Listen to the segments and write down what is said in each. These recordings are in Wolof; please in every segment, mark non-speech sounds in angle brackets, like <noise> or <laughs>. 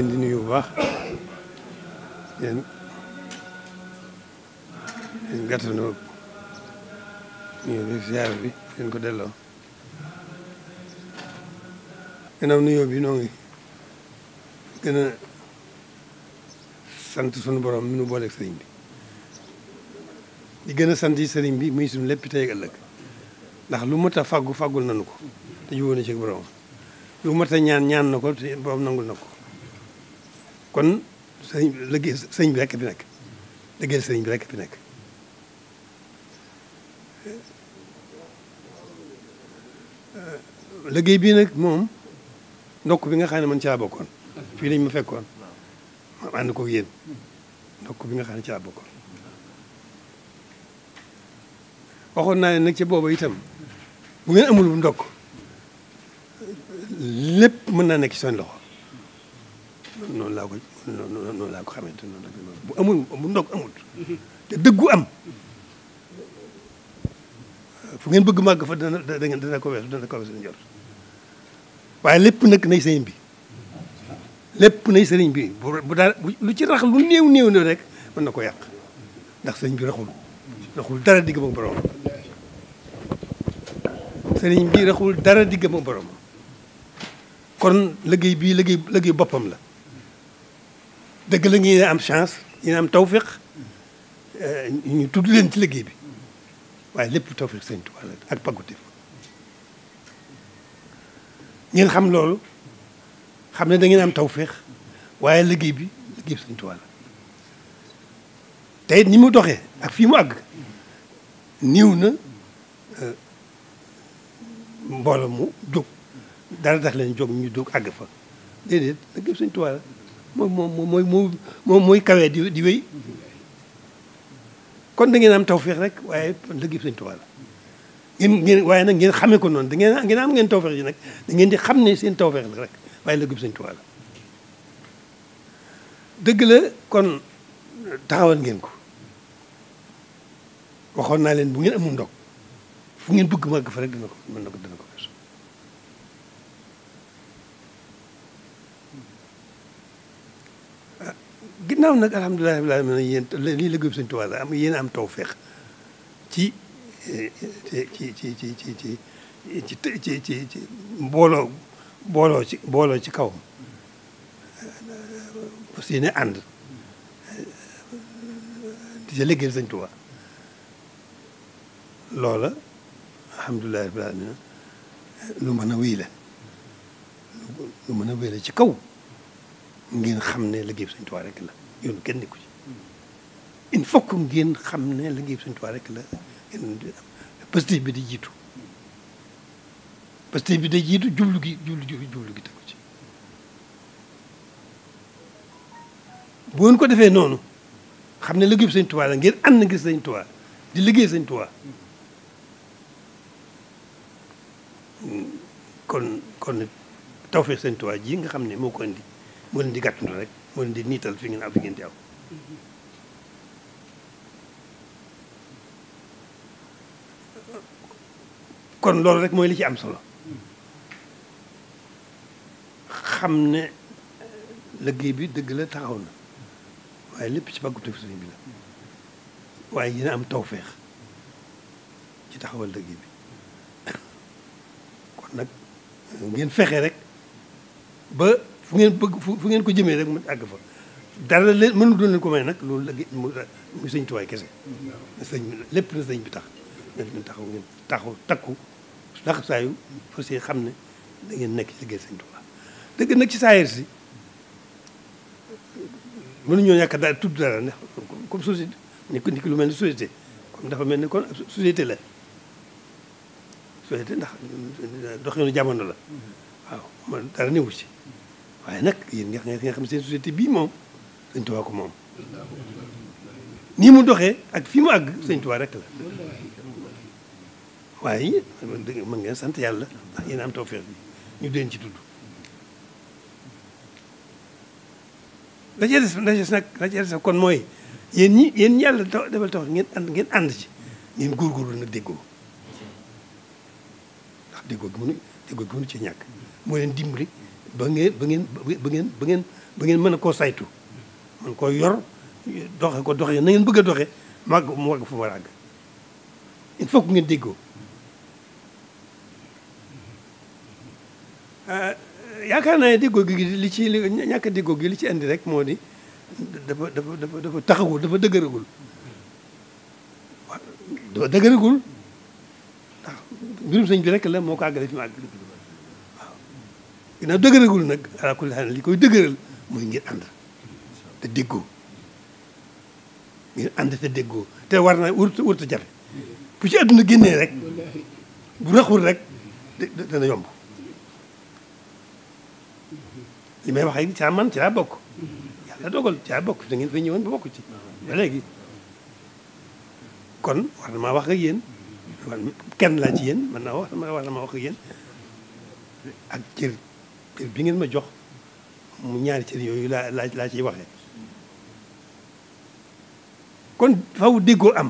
leen di nuyu bu baax yéen yéen gàttanu nuyoo bi ziyaara bi yéen ko delloo gannaaw nuyoo bi noo ngi gën a sant sunu borom mi nu booleeg sëriñ bi di gën a sant yi sëriñ bi muy suñu lépp tey ak ëllëg ndax lu mat a fàggu fàggul nanu ko te jubóo na ci borom lu mat a ñaan ñaan na ko te borom nangul na ko kon sëñ liggéey sëñ bi rek fi nekk liggéey sëñ bi rek fi nekk eh, liggéey bii nag moom ndokk bi nga xam ne man caa bokkoon fii lañ ma fekkoon ma ànd ko yéen ndokk bi nga xam ne caa bokkoon waxoon naa ne nag ca booba bu ngeen amul bu ndokk lépp mën naa nekk ci seen loxo noonu laa ko noonu laa ko xamante noonu bu amul bu ndog amul te dëggu am fu ngeen bëgg màgg fa dana dana ko weesu dana ko weesu njort waaye lépp nag nay sëriñ bi lépp nay sëriñ bi bu daal lu ci rax lu néew néew néew rek mën na ko yàq ndax sëriñ bi raxul raxul dara digg moom borom sëriñ bi raxul dara digg moom borom kon liggéey bii liggéey liggéey boppam la dëgg la ñi am chance ñi am tawféq euh, ñu tudd leen ci liggéey bi waaye lépp tawféq Sëñ Tuubaa la ak paggutif ngeen xam loolu xam ne da ngeen am tawféq waaye liggéey bi liggéey bi Sëñ Tuubaa tey ni mu doxee ak fii mu àgg niiw na euh, mbooloo mu jóg dara tax leen jóg ñu jóg àgg fa déedéet liggéey bi Sëñ Tuubaa moom moom mooy moom mooy kawee di di wéy kon da ngeen am tawféex rek waaye liggéey Sëñ Tuubaa la ngeen ngeen waaye nag ngeen xamee ko noonu da ngeen ngeen am ngeen tawféex yi nag da ngeen di xam ne seen tawféex la rek waaye liggéey Sëñ Tuubaa la dëgg la kon taxawal ngeen ko waxoon naa leen bu ngeen amul ndog fu ngeen bëgg màgg fa rek dina ko mën na ko dina ko ginnaaw nag alhamdulilah rabbil alamin yéen lii liggéeyu Sëñ Tuubaa la am yéen am tawfeex ci ci ci ci ci ci ci ci ci ci booloo ci booloo ci kaw parce que yéen ànd di sa liggéeyal Sëñ Tuubaa loola alhamdulilah rabbil alamin lu mën a wéy lu mën a wéy ci kaw ngeen xam ne liggéey bi Sëñ Tuubaa rek la yoon kenn nekku ci il faut ngeen xam ne liggéey bi Sëñ Tuubaa rek la ngeen bi di jiitu positif bi day jiitu jublu gi jublu jublu gi tegu ci bu ko defee noonu xam ne liggéey bi Sëñ Tuubaa la ngeen ànd ngir Sëñ Tuubaa di liggéey Sëñ Tuubaa kon kon tawfeex Sëñ Tuubaa jii nga xam ne moo ko indi moo leen di gàttandu niital fi ngeen am fi ngeen loolu rek mooy li ci am solo xam ne liggéey bi dëgg la waaye lépp ci bàggu bi waaye dina am tawféex ci taxawal liggéey bi kon nag ngeen fexe rek ba fu ngeen bëgg fu ngeen ko jëmee rek mu àgg fa dara leen mënu doon ko may nag loolu la mu sëñ tuwaay kese sëñ lépp na sëñ bi tax ngeen taxaw ngeen taxaw takku ndax saa yu fas yéene xam ne da nekk ci liggéey sëñ tuwaay dëgg nag ci saayir si mënuñoo ñàkk daal tudd dara ndax comme société ni lu mel ni société comme dafa mel ni kon société la société ndax doxinu jamono la mm-hmm. waaw man dara newu ci waaye nag yéen nga xam ne seen société bii moom sëñ Tuubaa ko moom nii mu doxee ak fii mu àgg sëñ Tuubaa rek la waaye mën ngeen sant yàlla ndax yéen am tawfeex bi ñu deen ci tudd la ca des la des nag la ca des kon mooy yéen ñi yéen ñi yàlla defal tax ngeen ànd ngeen ànd ci ngeen góorgóorlu nag déggoo ndax déggoo gi mënu déggoo gi mënu ci ñàkk moo leen dimbali ba ngeen ba ngeen ba ngeen ba ngeen ba ngeen mën a koo saytu mën koo yor doxe ko doxe na ngeen bëgg a doxe màgg mu wàgg fu mu war a àgg il faut que ngeen déggoo euh, yaakaar naa ne déggoo gi li ci ñàkk a gi li ci indi rek moo di dafa dafa dafa dafa taxawul dafa dëgëragul dafa dëgëragul waaw mbirum bi rek la moo ko àggale fi mu àggale ginnaaw dëgëragul nag ala kulli koy dëgëral mooy ngir ànd te déggoo ngir ànd te war na wurt ci àdduna génnee rek rek dana yomb li wax ak caa man ci bokk dogal caa bokk da ngeen fay bokk ci ba léegi kon war na maa wax ak yéen kenn laa ci yéen man naa wax war na maa wax ak yéen ak cër cër bi ngeen ma jox mu ñaari cër yooyu laa laa laa ciy waxee kon faw déggoo am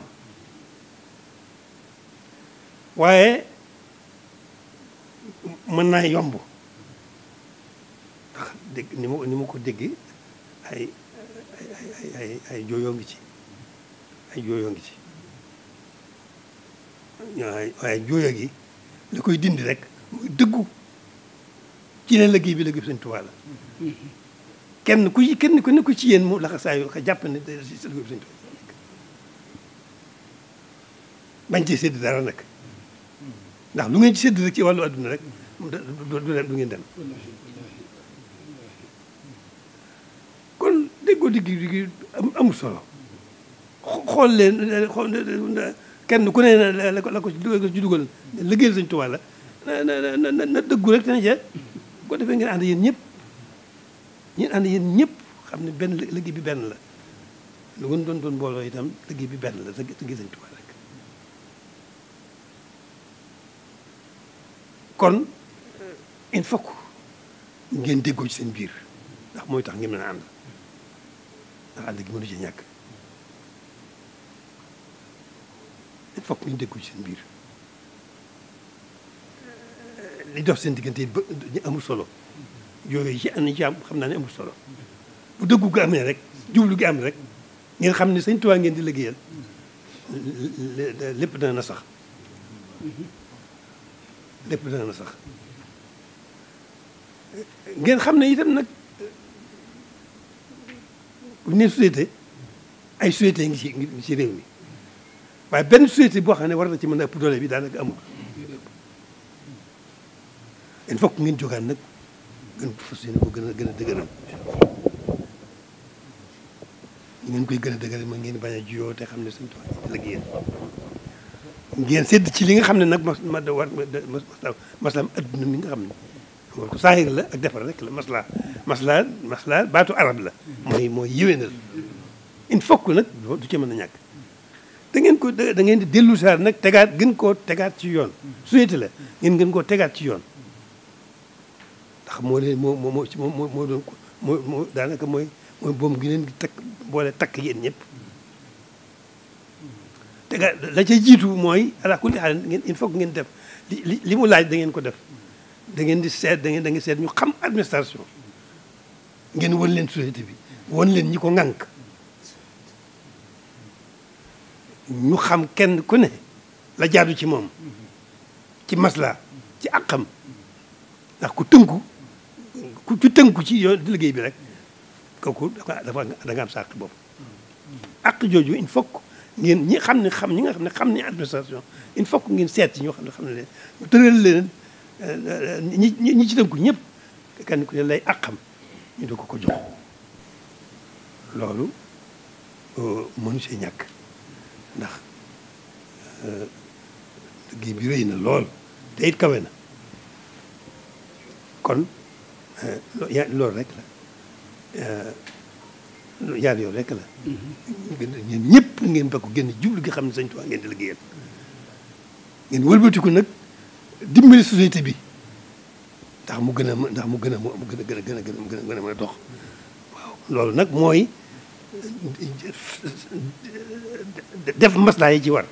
waaye mën naa yomb ndax ni ma ni ko déggee ay ay ay jooyoo ngi ci ay jooyoo ngi ci waaye jooyoo gi li koy dindi rek muy ci ne liggéey bi liggéey bi Sëñ Tuubaa la kenn ku kenn ku nekk ci yéen moom laxasaayu xa jàpp ne da si liggéey bi Sëñ Tuubaa bañ ci sédd dara nag ndax lu ngeen ci sédd rek ci wàllu adduna rek du dem du ngeen dem kon déggoo diggi diggi amul solo xool leen xool kenn ku ne la ko la ko ci dugal liggéeyal Sëñ Tuubaa la na na na na dëggu rek dina jeex ko defee ngeen ànd yéen ñëpp ngeen ànd yéen ñëpp xam ne benn liggéey bi benn la lu doon doon mbooloo itam liggéey bi benn la te ngi Sëñ Tuubaa kon il faut que ngeen déggoo ci seen biir ndax mooy tax ngeen mën a gi mënu ci ñàkk il faut ñu déggoo seen biir li dox seen diggante ba ñu amul solo yooyu ci am nañ ci am xam naa ne amul solo bu dëggu gi amee rek jublu gi am rek ngeen xam ne Sëñ Tuubaa ngeen di liggéeyal lépp dana na sax lépp dana na sax ngeen xam ne itam nag bu ñu nee société ay société ngi ci ngi ci réew mi waaye benn société boo xam ne war na ci mën a ëpp doole bi daanaka amul il faut ngeen jógaan nag gën fas yéene ko gën a gën a dëgëral ngeen koy gën a dëgëral ma ngeen bañ a te xam ne suñu tool ci li nga xam ne nag ma da war mi nga xam ne war la defar rek la maslaa maslaa maslaa baatu arab la mooy mooy nag du ci mën a ñàkk dangeen ko da di dellu saar nag tegaat gën koo tegaat ci yoon société la ngeen gën koo tegaat ci yoon ndax moo leen moo moo moo moo doon moo moo daanaka mooy mooy boom gi leen di takk boole takk yéen ñëpp. te la ca jiitu mooy ala kulli xaal ngeen il ngeen def li li da ngeen ko def da ngeen di seet da ngeen da seet ñu xam administration ngeen won leen société bi won leen ñi ko ŋànk ñu xam kenn ku ne la jaadu ci moom ci masla ci àqam ndax ku tënku ku ci tënku ci yoon liggéey bi rek kooku dafa da nga am sàq boobu ak jooju il faut ngeen ñi xam ne xam ñi nga xam ne xam ne administration il faut ngeen seet ci ñoo xam ne xam ne leen tëral leen ñi ñi ci tënku ñëpp kenn ku ne lay àqam ñu di ko ko jox loolu euh, mënu see ñàkk ndax euh, liggéey bi rëy na lool te it kawe loolu rek la yaar yow rek la. ngeen ñun ñëpp ngeen bokk génn jublu gi xam ne Sëñ Tuubaa ngeen di liggéeyal ngeen wëlbatiku nag dimbali société bi ndax mu gën a ndax mu gën a mu gën gën a gën a gën a gën a mën a dox loolu nag mooy eh, def maslaa yi ci war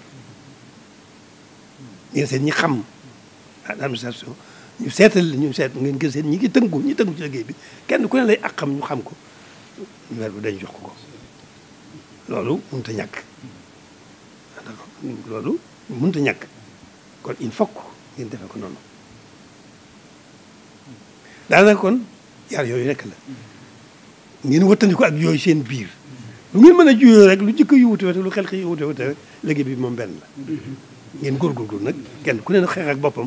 ngeen seen ñi xam administration. ñu seetal li ñu seet ngeen gis ñi ngi tënku ñi tënku ci liggéey bi kenn ku ne lay ak xam ñu xam ko ñu weer bu dañ jox ko ko loolu mënut a ñàkk loolu mënut a ñàkk kon il faut que ngeen defee ko noonu daanaka kon yar yooyu rekk la ngeen wëttandi ko ak yooyu seen biir lu ngeen mën a juyoo rek lu jikko yu wute wute lu xel xel yu wute wute bi moom benn la mm-hmm. ngeen góorgóorlu nag kenn ku ne xeex ak boppam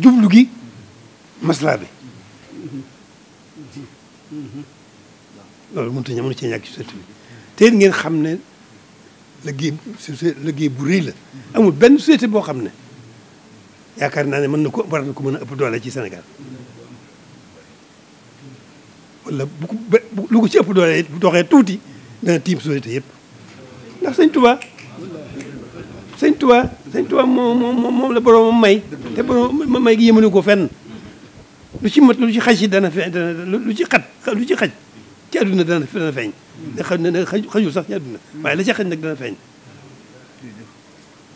jublu gi maslaa bi loolu mënut a mënu cee ñàkk ci société bi te it ngeen xam ne liggéey liggéey bu rëy la amul benn société boo xam ne yaakaar naa ne mën na ko war na ko mën a ëpp doole ci senegal wala bu ko lu ko ci ëpp bu doxee tuuti dana tiim société yëpp ndax Sëñ Tuubaa sëñ Tuubaa sëñ Tuubaa moom moom moom la boroomam may te boroom may gi yëmale ko fenn lu ci mat lu ci xaj si dana feeñ dana lu ci xat lu ci xaj ci àdduna dana dana feeñ da xam ne xajul sax ci àdduna waaye la ci xaj nag dana feeñ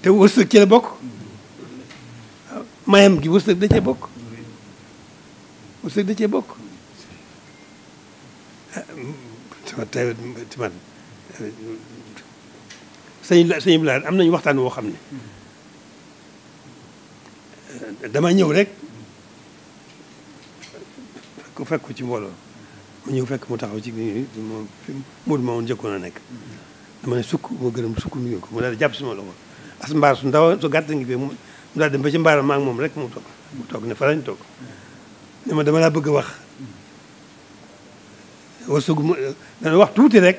te wërsëg ci la bokk mayam gi wërsëg da cee bokk wërsëg da cee bokk man sëñ sëñ Bilal am nañu waxtaan woo xam ne eh, dama ñëw rek ku fekk ci mbooloo mu ñëw fekk mu taxaw ci moom Modou ma a nekk. dama ne sukk ma gërëm sukk nuyu mu daal di jàpp suma loxo as mbaar su ndaw su gàtt ngi fi mu daal dem ba ci mbaaram maa moom rek mu toog mu toog ne fa lañ ma dama laa bëgg a wax. wala sëg mu dana wax tuuti rek.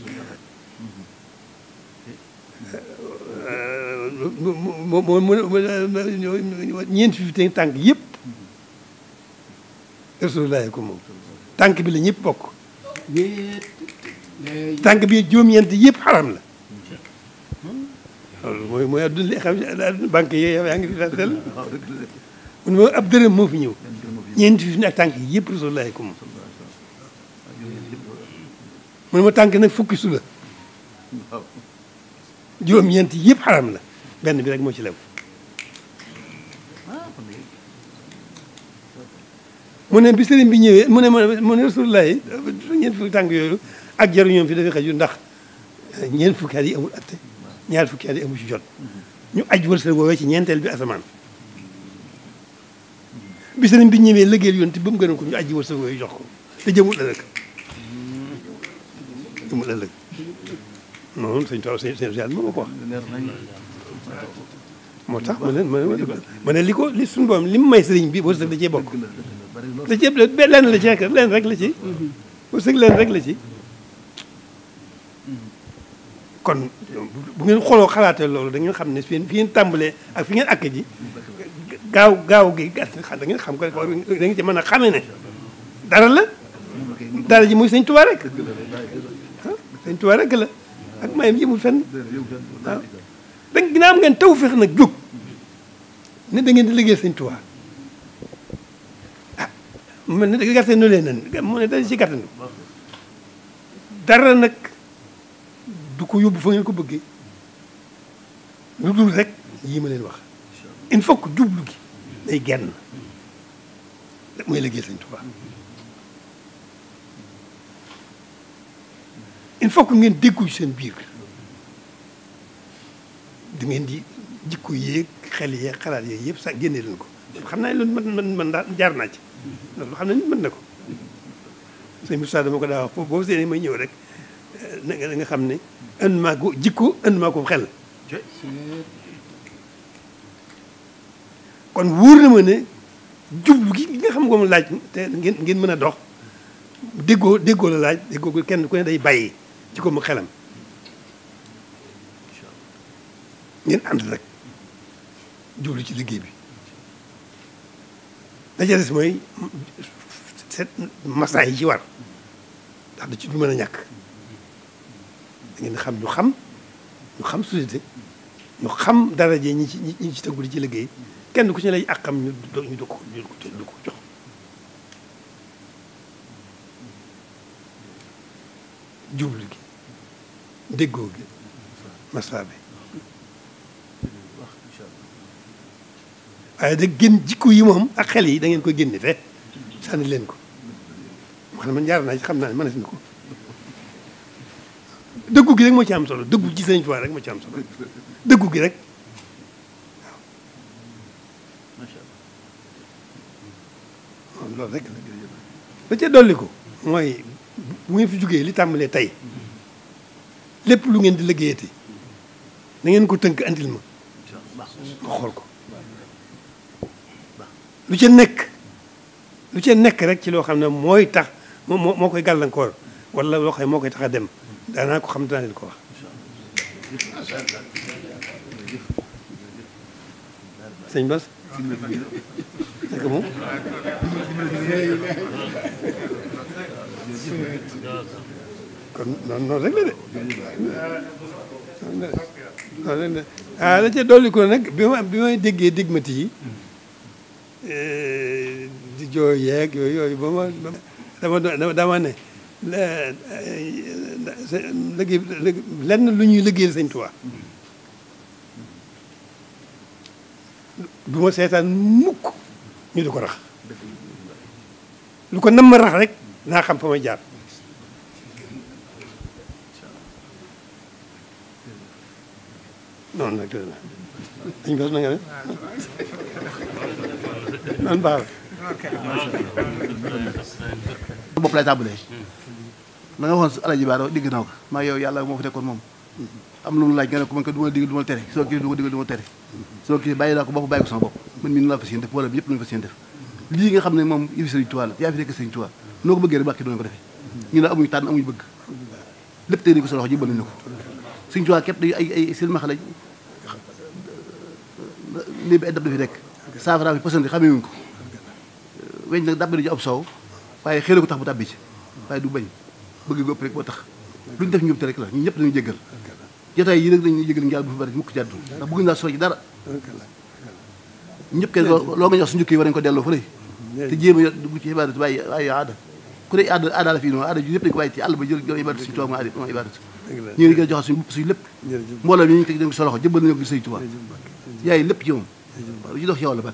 moo moo fi te tànk yëpp rasulullah ko moom tànk bi la ñëpp bokk tànk bi juróom yëpp xaram la loolu mooy mooy adduna yi fi fasel mun fi fi ne ak tànk yëpp rasulullah ko moom mun ma tànk nag fukki su la juróom-ñeent la benn bi rek moo ci lew mu ne bi sëriñ bi ñëwee mu ne mu ne rasulullah yi ñeent fukki tànk yooyu ak jaru ñoom fi dafay xaju ndax ñeent fukki at amul atte ñaar fukki at yi ci jot ñu aj wërsëg woowee ci ñeenteel bi asamaan bi sëriñ bi ñëwee liggéeyal yoon te ba mu gënoon ko ñu aj wërsëg woowee jox ko te jëmul ëllëg jëmul ëllëg noonu sëñ Tuubaa sëñ Sëñ Sëñ moom ko wax moo tax ma ne ma ne li ko li suñu borom li mu may sëriñ bi wërsëg da cee bokk da cee lenn la ci rek lenn rek la ci wërsëg lenn rek la ci kon bu ngeen xooloo xalaatee loolu da ngeen xam ne fi ngeen tàmbalee ak fi ngeen akk ji gaaw gaaw gi gàtt da ngeen xam ko da ngeen ci mën a xamee ne dara la dara ji muy sëñ Tuubaa rek sëñ Tuubaa rek la ak mayam yëmul fenn waaw da ginnaaw ngeen taw fex nag jóg ne da ngeen di liggéey sëñ ah mu ne da gàtte nu leen nan mu ne dañ si gàttanu dara nag du ko yóbbu fa ko bëggee lu dul rek yii ma wax il faut que jublu gi day genn mooy liggéey sëñ Tuubaa il faut que ngeen déggu seen biir di ngeen di jikko yeeg xel yee xalaat yeeg yëpp sax génnee leen ko xam naa ne loolu man mën mën daa jaar naa ci loolu xam na ni mën na ko sëñ Moussa dama ko daa wax foofu may ñëw rek eh, na nga xam ne ënd maa ko jikko ënd maa ko xel kon wuur na ma ne jublu gi nga xam moom laaj te ngeen ngeen mën a dox déggoo déggoo la laaj déggoo kenn ku ne day bàyyi ci ko mu xelam ngeen ànd rek jublu ci liggéey bi la ca des mooy seet masaa yi ci war ndax ci du mën a ñàkk da xam ñu xam ñu xam société ñu xam daraje ñi ci ñi ci tëggu di ci liggéey kenn ku ci ne lay àqam ñu ñu du ko ñu du ko jox jublu gi déggoo gi masaa bi waaye da génn jikko yi moom ak xel yi da ngeen koy génne fe sànni leen ko man man jaar naa ci xam naa ne mënees na ko dëggu gi rek moo ci am solo dëggu ci seen Tuubaa rek moo ci am solo dëggu gi rek waaw loolu rek la ca dolli ko mooy bu ngeen fi jógee li tàmbalee tey lépp lu ngeen di liggéeyati na ngeen ko tënk andil nga xool ko lu ca nekk lu ca nekk rek ci loo xam ne mooy tax moo moo koy gàllankoor wala loo xam moo koy tax a dem daanaa ko xam danaa leen ko wax sëñ Bas naka rek la de waaw ah, la ca dolli ko nag bi ma déggee digmati yi eh, di jooy yeeg yooyu yooyu ba ma dama dama dama ne liggéey lenn lu ñuy liggéeyal Sëñ Tuubaa du ma seetaan mukk ñu di ko rax lu ko nam ma rax rek naa xam fa may jaar noonu nag dëgg dañ bas na nga def noonu baax la bopp lay tàmbalee la nga waxoon Alaaji Baara digg naa ko maa yow yàlla moo fi nekkoon moom am lu mu laaj nga ne ko man ko du ma digal du ma tere soo kii du ma digal du ma tere soo kii bàyyi naa ko bopp bàyyi ko sama bopp man mii nu laa fas yéene def wala bi yëpp lu ñu fas yéene def lii nga xam ne moom yëfi Sëriñ Tuubaa la yaa fi nekk Sëriñ Tuubaa noo ko bëggee rek bàkki doon ko defee ñu ne amuñu tànn amuñu bëgg lépp tey ni ko sa loxo ji bënn na ko Sëriñ Tuubaa képp dañu ay ay seen maxa lañ lii bi ay dab dafi nekk saafara bi pësante xamee wuñ ko weñ nag dàbbali ji ab soow waaye xëy ko tax bu tàbbi ci waaye du bañ bëgg gopp rek boo tax lu ñu def ñoom te rek la ñun ñëpp dañu jéggal jotaay yi nag dañuy jéggal njaal bu fi bari mukk ci àdduna ndax bëgg naa sori ci dara ñëpp kenn loo nga ñor su njukki war nañu ko delloo fële te jéem a dugg ci ibaadatu waaye waaye aada ku ne aada aada la fii noonu aada ji ñëpp dañu ko bàyyi ci àll ba jël jël ibaadatu suñu toog ma ibaadatu ñu ngi joxe suñu bopp suñu lépp ñu teg dem sa loxo jëbbal nañu ko Sëriñ Tuubaa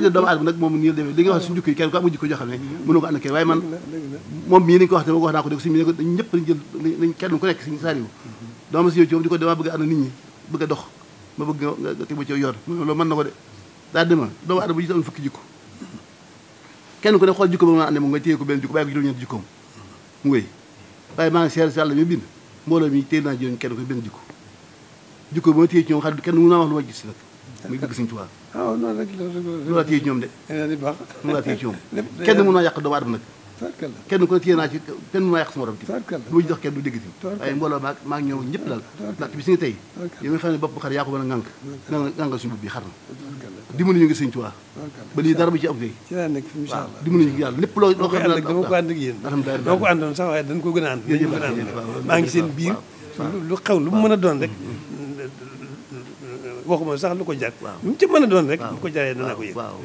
xëy na doomu aadama nag moom nii la demee li nga wax suñu jukki kenn ko am jukki joo xam ne ko ànd kenn waaye man moom mii nañu ko ko dégg suñu ko dañ ñëpp dañ jël dañ kenn ku nekk suñu saariwu dama si yow ci moom di ko nit ñi bëgg a dox ma bëgg nga teg ma ci yoon loolu ko de daa dema doomu kenn ku ne xool jikko ba ma nga téye ko benn jikko si yàlla jikko jikko ma téye ci ñoom xarit kenn mën naa wax lu ma gis nag muy bëgg Sëriñ Tuubaa. waaw ah, noonu rek loolu laa téye ci ñoom de. Eh, di baax loolu laa téye ci ñoom. <laughs> kenn mën naa yàq doomu aadama nag. tarkalla kenn ku ne téye naa ci kenn mën naa yàq sama morom ci. tarkalla lu ma ci jox kenn du dégg ci. waaye mbooloo maag maag ñëw ñëpp daal. ndax bis nga tey. yow mi xam ne bopp xar yaa ko mën a ŋànk. ŋànk suñu bopp bi xar na. dimbali ñu ngi Sëriñ Tuubaa. ba lii dara bu ci am tey. ci laa nekk incha allah waaw dimbali ñu ngi yàlla lépp loo loo xam ne dama ko ànd ak yéen dama ko àndoon sax waaye dañ ko gën a ànd maa ngi seen biir lu xew lu mu mën a doon rek mm-hmm. waxuma sax lu ko jar. waaw lu mu ci mën a doon rek. lu ko jaree danaa ko yëg. waaw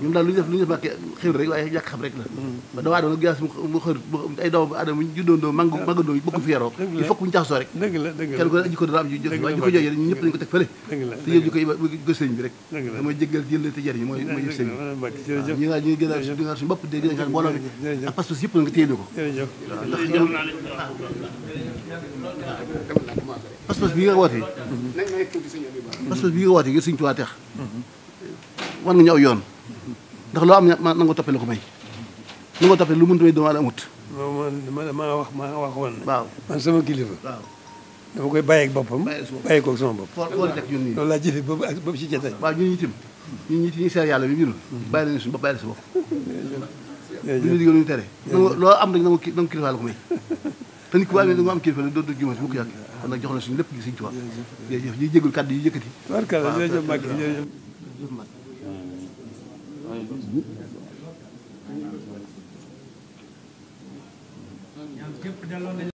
ñun daal lu ñu def lu ñu def ak xëy rek waaye yàq xam rek la. Mm. ba damaa doon glace mu xër ay doomu aadama ñu juddoo mang ah. mangandoo yi bokk fi yaroo. il faut que ñu jaxasoo rek. dëgg la dëgg la kenn ku ne jikko dara am ju jëf waaye jikko jooju ñun ñëpp dañu ko teg fële. dëgg la te yéen jikko yi ba sëñ bi rek. dëgg la dama jéggal jël te jar yi mooy mooy sëñ bi. ñu naan ñu gën a ñu naan suñu bopp de gën a ngaan mbooloo bi ak parce que yëpp nga téye ko ndax pas-pas bi nga wootee parce que bi nga woote ngir Sëriñ Tuubaa tax war nga ñu aw yoon ndax loo am na nga toppee la ko may na nga toppee lu mënta may dama la amut ma maa wax maa wax woon waaw man sama kilifa waaw dafa koy bàyyi ak boppam bàyyi koog sama bopp loolu laa jëfe boobu ak boobu si ca tey waaw ñun itam ñun ñi ñuy seer yàlla bi ñun bàyyi nañu suñu bopp bàyyi la sa bopp lu ñu digal lu ñu tere loo am rek na nga kilifa la ko may <laughs> te nit ku bàyyi da nga am kilifa la doo doo jumati bu ko yàq kon jox na suñu lépp gi Sëriñ Tuubaa jërëjëf ñuy jégul kàddu yu yëkkati barkala jërëjëf Mbàkke jërëjëf Mbàkke